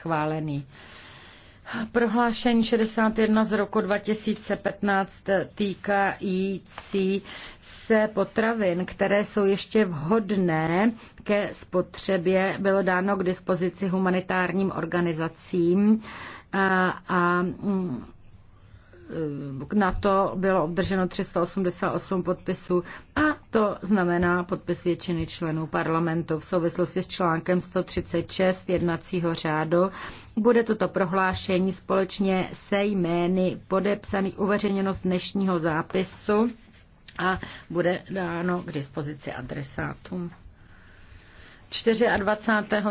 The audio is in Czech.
schválený. Prohlášení 61 z roku 2015 týkající se potravin, které jsou ještě vhodné ke spotřebě, bylo dáno k dispozici humanitárním organizacím a, a mm, na to bylo obdrženo 388 podpisů a to znamená podpis většiny členů parlamentu v souvislosti s článkem 136 jednacího řádu. Bude toto prohlášení společně se jmény podepsaných uveřejněno z dnešního zápisu a bude dáno k dispozici adresátům. 24.